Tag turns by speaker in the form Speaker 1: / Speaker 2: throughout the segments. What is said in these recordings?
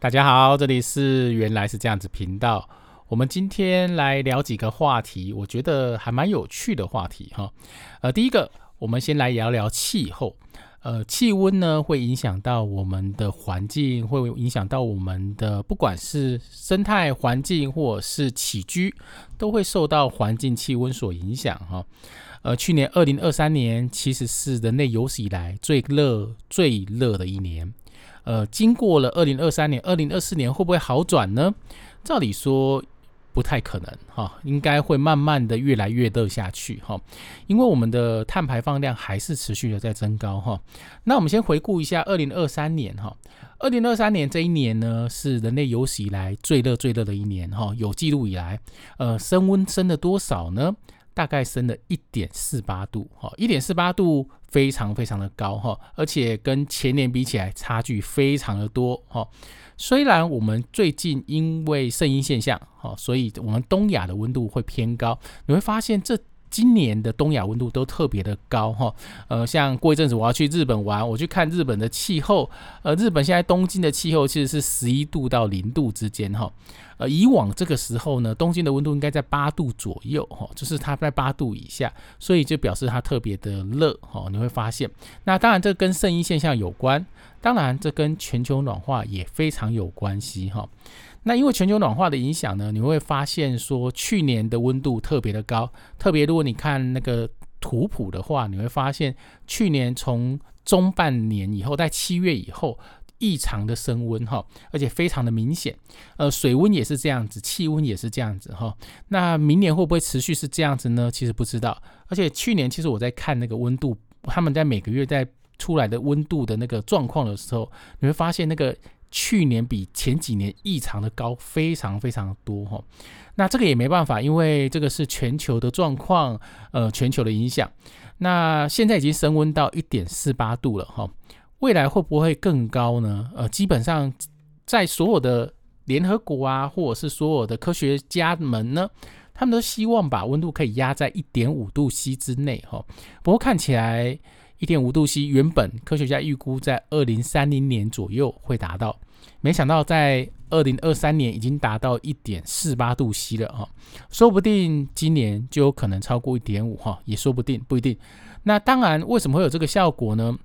Speaker 1: 大家好，這裡是原來是這樣子頻道。我們今天來聊幾個話題，我覺得還蠻有趣的話題哈。呃，第一個，我們先來聊聊氣候。呃，氣溫呢，會影響到我們的環境，會影響到我們的不管是生態環境，或者是起居，都會受到環境氣溫所影響哈。呃，去年二零二三年，其實是人類有史以來最熱、最熱的一年。呃，經過了二零二三年、二零二四年，會不會好轉呢？照理說不太可能哈、哦，應該會慢慢的越來越熱下去哈、哦，因為我們的碳排放量還是持續的在增高哈、哦。那我們先回顧一下二零二三年哈，二零二三年這一年呢，是人類有史以來最熱最熱的一年哈、哦，有記錄以來，呃，升溫升了多少呢？大概升了一點四八度，哈，一點四八度非常非常的高，哈，而且跟前年比起來差距非常的多，哈。雖然我們最近因為聖嬰現象，哈，所以我們東亞的溫度會偏高，你會發現這。今年的東亞溫度都特別的高哈、哦，呃，像過一陣子我要去日本玩，我去看日本的氣候，呃，日本現在東京的氣候其實是十一度到零度之間哈、哦，呃，以往這個時候呢，東京的溫度應該在八度左右哈、哦，就是它在八度以下，所以就表示它特別的熱哈、哦，你會發現，那當然這跟聖嬰現象有關，當然這跟全球暖化也非常有關係哈、哦。那因為全球暖化的影響呢，你會發現說去年的溫度特別的高，特別如果你看那個圖譜的話，你會發現去年從中半年以後，在七月以後異常的升溫哈，而且非常的明顯，呃，水溫也是這樣子，氣溫也是這樣子哈。那明年會不會持續是這樣子呢？其實不知道，而且去年其實我在看那個溫度，他們在每個月在出來的溫度的那個狀況的時候，你會發現那個。去年比前幾年異常的高，非常非常多哈、哦。那這個也沒辦法，因為這個是全球的狀況，呃，全球的影響。那現在已經升溫到一點四八度了哈、哦。未來會不會更高呢？呃，基本上在所有的聯合國啊，或者是所有的科學家們呢，他們都希望把溫度可以壓在一點五度 C 之內哈。不過看起來一點五度 C 原本科學家預估在二零三零年左右會達到。沒想到在二零二三年已經達到一點四八度 C 了啊、哦，說不定今年就有可能超過一點五哈，也說不定不一定。那當然，為什麼會有這個效果呢？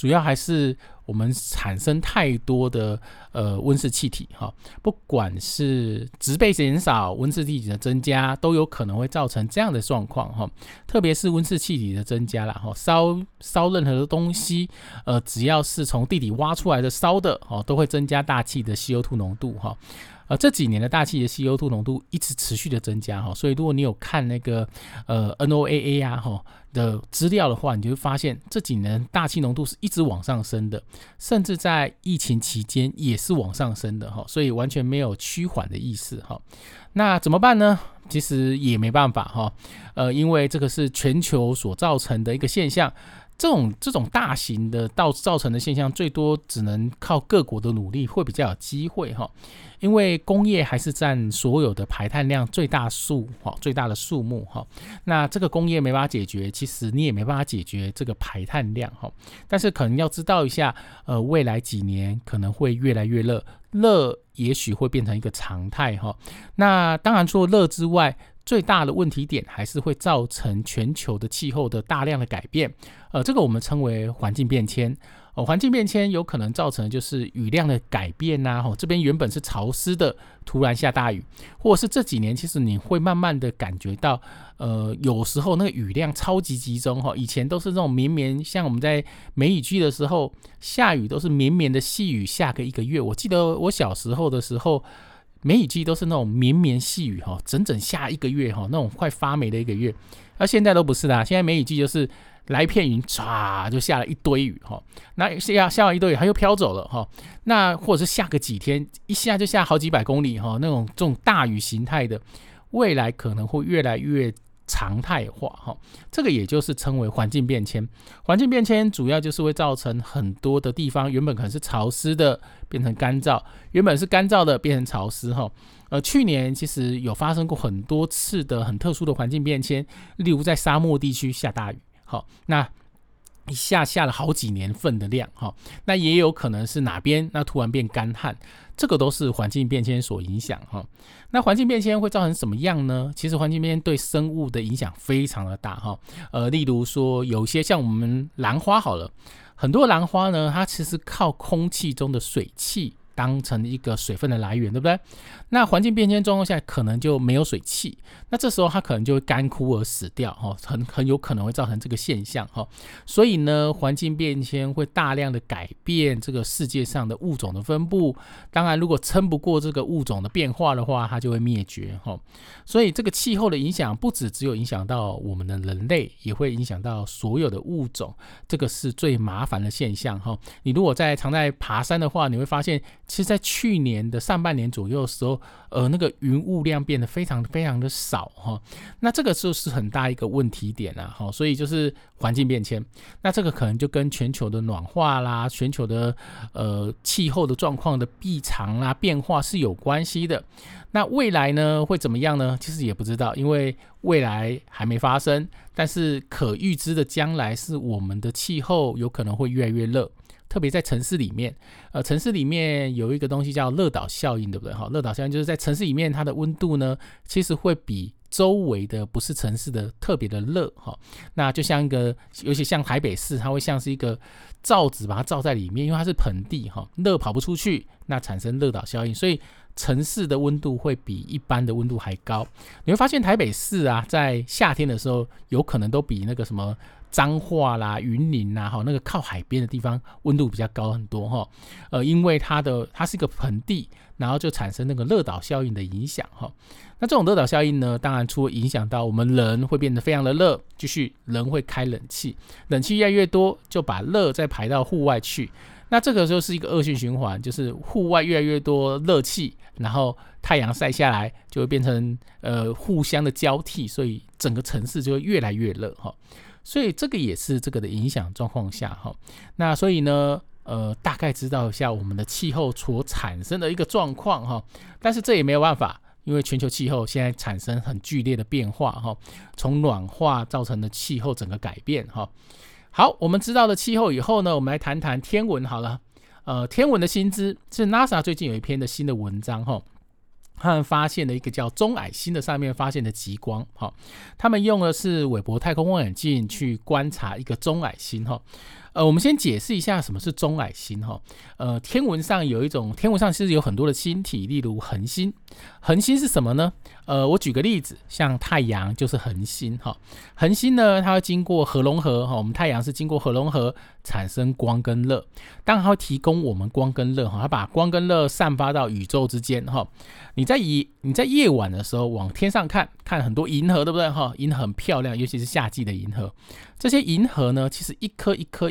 Speaker 1: 主要還是我們產生太多的呃溫室氣體哈、哦，不管是植被減少、溫室氣體的增加，都有可能會造成這樣的狀況哈。特別是溫室氣體的增加了哈，燒、哦、燒任何的東西，呃，只要是從地底挖出來的燒的哦，都會增加大氣的 CO2 濃度哈。哦呃，這幾年的大氣的 CO2 濃度一直持續的增加哈、哦，所以如果你有看那個呃 NOAA 啊，哈、哦、的資料的話，你就會發現這幾年大氣濃度是一直往上升的，甚至在疫情期間也是往上升的哈、哦，所以完全沒有趨緩的意思哈、哦。那怎麼辦呢？其實也沒辦法哈、哦，呃，因為這個是全球所造成的一個現象。這種這種大型的造造成的現象，最多只能靠各國的努力，會比較有機會哈。因為工業還是佔所有的排碳量最大數哈，最大的數目哈。那這個工業沒辦法解決，其實你也沒辦法解決這個排碳量哈。但是可能要知道一下，呃，未來幾年可能會越來越熱，熱也許會變成一個常態哈。那當然除了熱之外。最大的問題點還是會造成全球的氣候的大量的改變，呃，這個我們稱為環境變遷。哦，環境變遷有可能造成就是雨量的改變吶、啊，哦，這邊原本是潮濕的，突然下大雨，或者是這幾年其實你會慢慢的感覺到，呃，有時候那個雨量超級集中，哦，以前都是這種綿綿，像我們在梅雨季的時候下雨都是綿綿的細雨下個一個月。我記得我小時候的時候。梅雨季都是那種綿綿細雨哈，整整下一個月哈，那種快發霉的一個月。而現在都不是啦，現在梅雨季就是來一片雲，唰就下了一堆雨哈。那下下完一堆雨，它又飄走了哈。那或者是下個幾天，一下就下好幾百公里哈，那種這種大雨形態的，未來可能會越來越。常態化哈，這個也就是稱為環境變遷。環境變遷主要就是會造成很多的地方原本可能是潮濕的變成乾燥，原本是乾燥的變成潮濕哈。呃，去年其實有發生過很多次的很特殊的環境變遷，例如在沙漠地區下大雨。好，哦，那。一下下了好幾年份的量哈，那也有可能是哪邊那突然變乾旱，這個都是環境變遷所影響哈。那環境變遷會造成什麼樣呢？其實環境變遷對生物的影響非常的大哈，呃，例如說有些像我們蘭花好了，很多蘭花呢，它其實靠空氣中的水汽。當成一個水分的來源，對不對？那環境變遷狀況下，可能就沒有水汽，那這時候它可能就會乾枯而死掉，哦，很很有可能會造成這個現象，哦。所以呢，環境變遷會大量的改變這個世界上的物種的分佈。當然，如果撐不過這個物種的變化的話，它就會滅絕，哦。所以這個氣候的影響不只只有影響到我們的人類，也會影響到所有的物種，這個是最麻煩的現象，哈。你如果在常在爬山的話，你會發現。其實在去年的上半年左右的時候，呃，那個雲霧量變得非常非常的少哈，哦，那這個就是很大一個問題點啊，哈，哦，所以就是環境變遷，那這個可能就跟全球的暖化啦、全球的呃氣候的狀況的異常啦變化是有關係的。那未來呢，會怎麼樣呢？其實也不知道，因為未來還沒發生，但是可預知的將來是我們的氣候有可能會越來越熱。特別在城市裡面，呃，城市裡面有一個東西叫熱島效應，對不對？哈，熱島效應就是在城市裡面，它的溫度呢，其實會比周圍的不是城市的特別的熱，哈。那就像一個，尤其像台北市，它會像是一個罩子把它罩在裡面，因為它是盆地，哈，熱跑不出去，那產生熱島效應，所以城市的溫度會比一般的溫度還高。你會發現台北市啊，在夏天的時候，有可能都比那個什麼。彰化啦，雲林吶，哈，那個靠海邊的地方溫度比較高很多哈，呃，因為它的它是一個盆地，然後就產生那個熱島效應的影響哈、哦。那這種熱島效應呢，當然除了影響到我們人會變得非常的熱，就是人會開冷氣，冷氣越來越多就把熱再排到戶外去，那這個就是一個惡性循環，就是戶外越來越多熱氣，然後太陽曬下來就會變成呃互相的交替，所以整個城市就會越來越熱哈。哦所以這個也是這個的影響狀況下哈，那所以呢，呃，大概知道一下我們的氣候所產生的一個狀況哈，但是這也沒有辦法，因為全球氣候現在產生很劇烈的變化哈，從暖化造成的氣候整個改變哈。好，我們知道了氣候以後呢，我們來談談天文好了，呃，天文的新知是 NASA 最近有一篇的新的文章哈。他們發現的一個叫棕矮星的上面發現的極光，好，他們用的是韋伯太空望遠鏡去觀察一個棕矮星，哈。呃，我們先解釋一下什麼是棕矮星哈、哦。呃，天文上有一種，天文上其實有很多的星體，例如恆星。恆星是什麼呢？呃，我舉個例子，像太陽就是恆星哈、哦。恆星呢，它會經過核融合哈、哦。我們太陽是經過核融合，合產生光跟熱，當然會提供我們光跟熱哈、哦。它把光跟熱散發到宇宙之間哈、哦。你在夜你在夜晚的時候往天上看，看很多銀河，對不對哈、哦？銀河很漂亮，尤其是夏季的銀河。這些銀河呢，其實一顆一顆。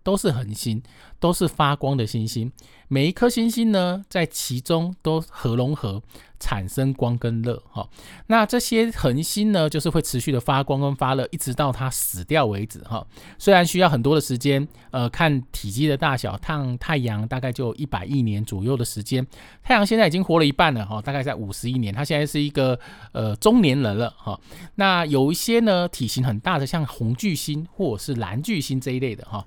Speaker 1: 都是恆星，都是發光的星星。每一顆星星呢，在其中都核融合產生光跟熱哈、哦。那這些恆星呢，就是會持續的發光跟發熱，一直到它死掉為止哈、哦。雖然需要很多的時間，呃，看體積的大小，像太陽大概就一百億年左右的時間。太陽現在已經活了一半了哈、哦，大概在五十億年，它現在是一個呃中年人了哈、哦。那有一些呢，體型很大的，像紅巨星或者是藍巨星這一類的哈、哦。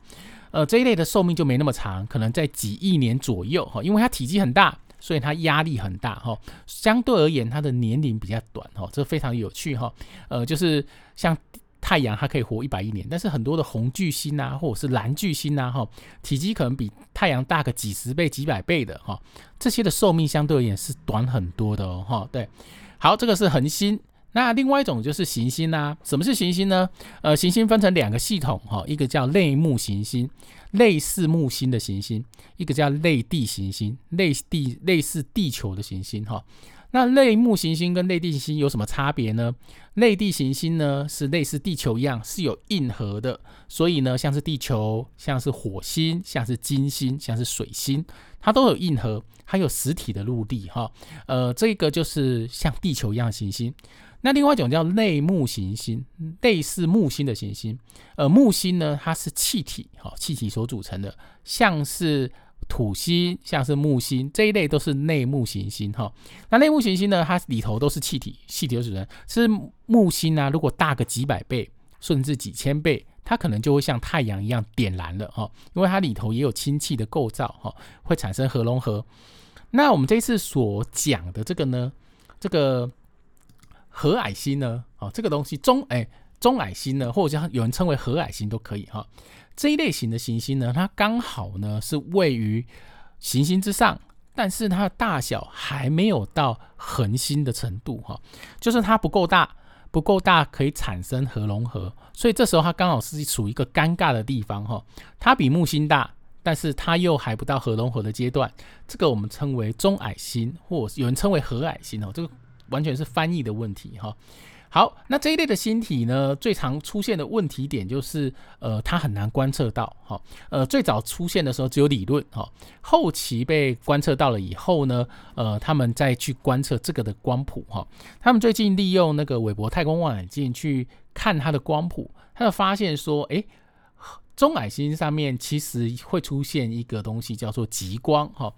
Speaker 1: 呃，這一類的壽命就沒那麼長，可能在幾億年左右哈、哦，因為它體積很大，所以它壓力很大哈、哦，相對而言它的年齡比較短哈、哦，這非常有趣哈、哦。呃，就是像太陽它可以活一百億年，但是很多的紅巨星啊，或者是藍巨星吶、啊、哈、哦，體積可能比太陽大個幾十倍、幾百倍的哈、哦，這些的壽命相對而言是短很多的哦哈、哦。對，好，這個是恆星。那另外一種就是行星啦，啊。什麼是行星呢？呃，行星分成兩個系統哈，一個叫類木行星，類似木星的行星；一個叫類地行星，類地類似地球的行星哈。那類木行星跟類地行星有什麼差別呢？類地行星呢是類似地球一樣是有硬核的，所以呢像是地球、像是火星、像是金星、像是水星，它都有硬核，還有實體的陸地哈。呃，這個就是像地球一樣行星。那另外一種叫類木行星，類似木星的行星。呃，木星呢，它是氣體，哈、哦，氣體所組成的，像是土星、像是木星這一類都是類木行星，哈、哦。那類木行星呢，它裡頭都是氣體，氣體的組成，是木星呢、啊，如果大個幾百倍，甚至幾千倍，它可能就會像太陽一樣點燃了，哈、哦，因為它裡頭也有氫氣的構造，哈、哦，會產生核融合。那我們這次所講的這個呢，這個。褐矮星呢？哦，這個東西棕哎，棕矮星呢，或者叫有人稱為褐矮星都可以哈、哦。這一類型的行星呢，它剛好呢是位於行星之上，但是它的大小還沒有到恆星的程度哈、哦，就是它不夠大，不夠大可以產生核融合，所以這時候它剛好是處於一個尷尬的地方哈、哦。它比木星大，但是它又還不到核融合的階段，這個我們稱為棕矮星，或者有人稱為褐矮星哦，這個。完全是翻譯的問題哈。好，那這一類的星體呢，最常出現的問題點就是，呃，它很難觀測到。哈，呃，最早出現的時候只有理論。哈，後期被觀測到了以後呢，呃，他們再去觀測這個的光譜。哈，他們最近利用那個韋伯太空望遠鏡去看它的光譜，他們發現說，誒、欸，棕矮星上面其實會出現一個東西叫做極光。哈，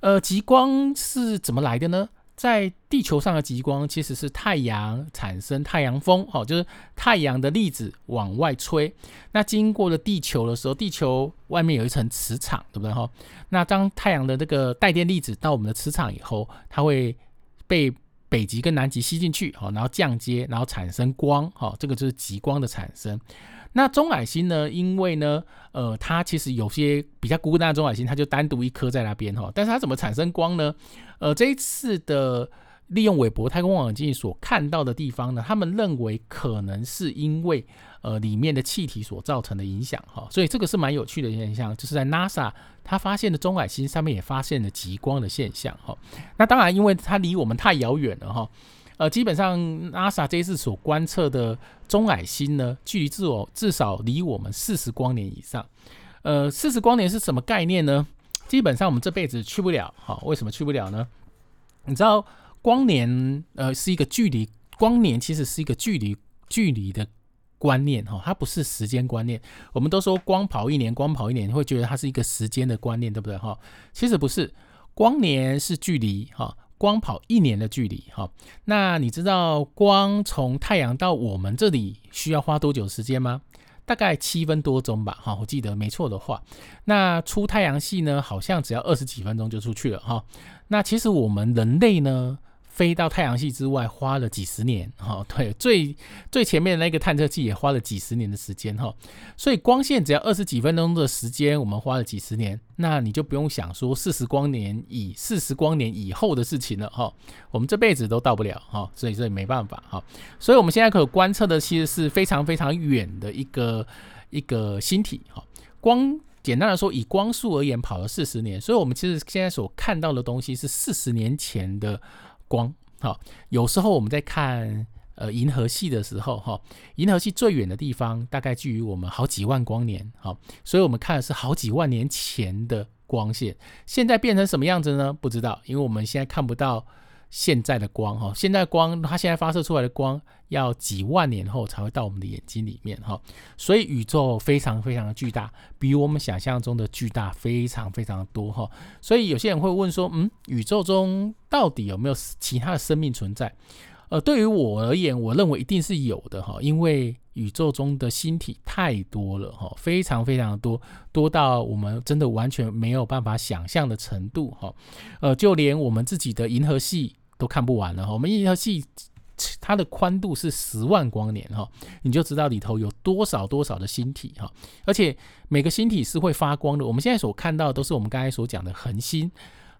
Speaker 1: 呃，極光是怎麼來的呢？在地球上的極光其實是太陽產生太陽風，哦，就是太陽的粒子往外吹。那經過了地球的時候，地球外面有一層磁場，對不對？哈，那當太陽的這個帶電粒子到我們的磁場以後，它會被北極跟南極吸進去，然後降階，然後產生光，這個就是極光的產生。那棕矮星呢？因為呢，呃，它其實有些比較孤單的棕矮星，它就單獨一顆在那邊，哈。但是它怎麼產生光呢？呃，這一次的。利用韋伯太空望遠鏡所看到的地方呢，他們認為可能是因為呃裡面的氣體所造成的影響哈、哦，所以這個是蠻有趣的現象，就是在 NASA 他發現的棕矮星上面也發現了極光的現象哈、哦。那當然，因為它離我們太遙遠了哈、哦，呃，基本上 NASA 這一次所觀測的棕矮星呢，距離至哦至少離我們四十光年以上，呃，四十光年是什麼概念呢？基本上我們這輩子去不了哈、哦，為什麼去不了呢？你知道。光年，呃，是一個距離。光年其實是一個距離距離的觀念哈，它不是時間觀念。我們都說光跑一年，光跑一年，你會覺得它是一個時間的觀念，對不對哈？其實不是，光年是距離哈，光跑一年的距離哈。那你知道光從太陽到我們這裡需要花多久的時間嗎？大概七分多鐘吧哈，我記得沒錯的話。那出太陽系呢，好像只要二十幾分鐘就出去了哈。那其實我們人類呢？飛到太陽系之外，花了幾十年，哈，對，最最前面那個探測器也花了幾十年的時間，哈，所以光線只要二十幾分鐘的時間，我們花了幾十年，那你就不用想說四十光年以四十光年以後的事情了，哈，我們這輩子都到不了，哈，所以這也沒辦法，哈，所以我們現在可觀測的其實是非常非常遠的一個一個星體，哈，光簡單來說，以光速而言跑了四十年，所以我們其實現在所看到的東西是四十年前的。光，好、哦，有時候我們在看呃銀河系的時候，哈、哦，銀河系最遠的地方大概距離我們好幾萬光年，好、哦，所以我們看的是好幾萬年前的光線，現在變成什麼樣子呢？不知道，因為我們現在看不到。現在的光哈，現在光它現在發射出來的光要幾萬年後才會到我們的眼睛裡面哈，所以宇宙非常非常的巨大，比我們想象中的巨大非常非常的多哈。所以有些人會問說，嗯，宇宙中到底有沒有其他的生命存在？呃，對於我而言，我認為一定是有的哈，因為宇宙中的星體太多了哈，非常非常的多，多到我們真的完全沒有辦法想象的程度哈。呃，就連我們自己的銀河系。都看不完了哈！我們銀河系，它的寬度是十萬光年哈，你就知道裡頭有多少多少的星體哈，而且每個星體是會發光的。我們現在所看到的都是我們剛才所講的恆星，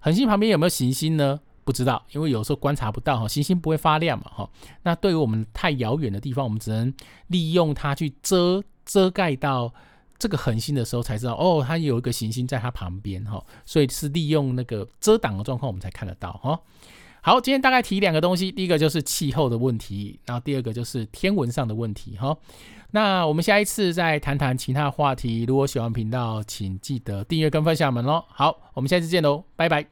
Speaker 1: 恆星旁邊有沒有行星呢？不知道，因為有時候觀察不到哈，行星不會發亮嘛哈。那對於我們太遙遠的地方，我們只能利用它去遮遮蓋到這個恆星的時候才知道哦，它有一個行星在它旁邊哈，所以是利用那個遮擋的狀況我們才看得到哈。好，今天大概提兩個東西，第一個就是氣候的問題，然後第二個就是天文上的問題。哈、哦，那我們下一次再談談其他話題。如果喜歡頻道，請記得訂閱跟分享我們咯。好，我們下一次見嘍，拜拜。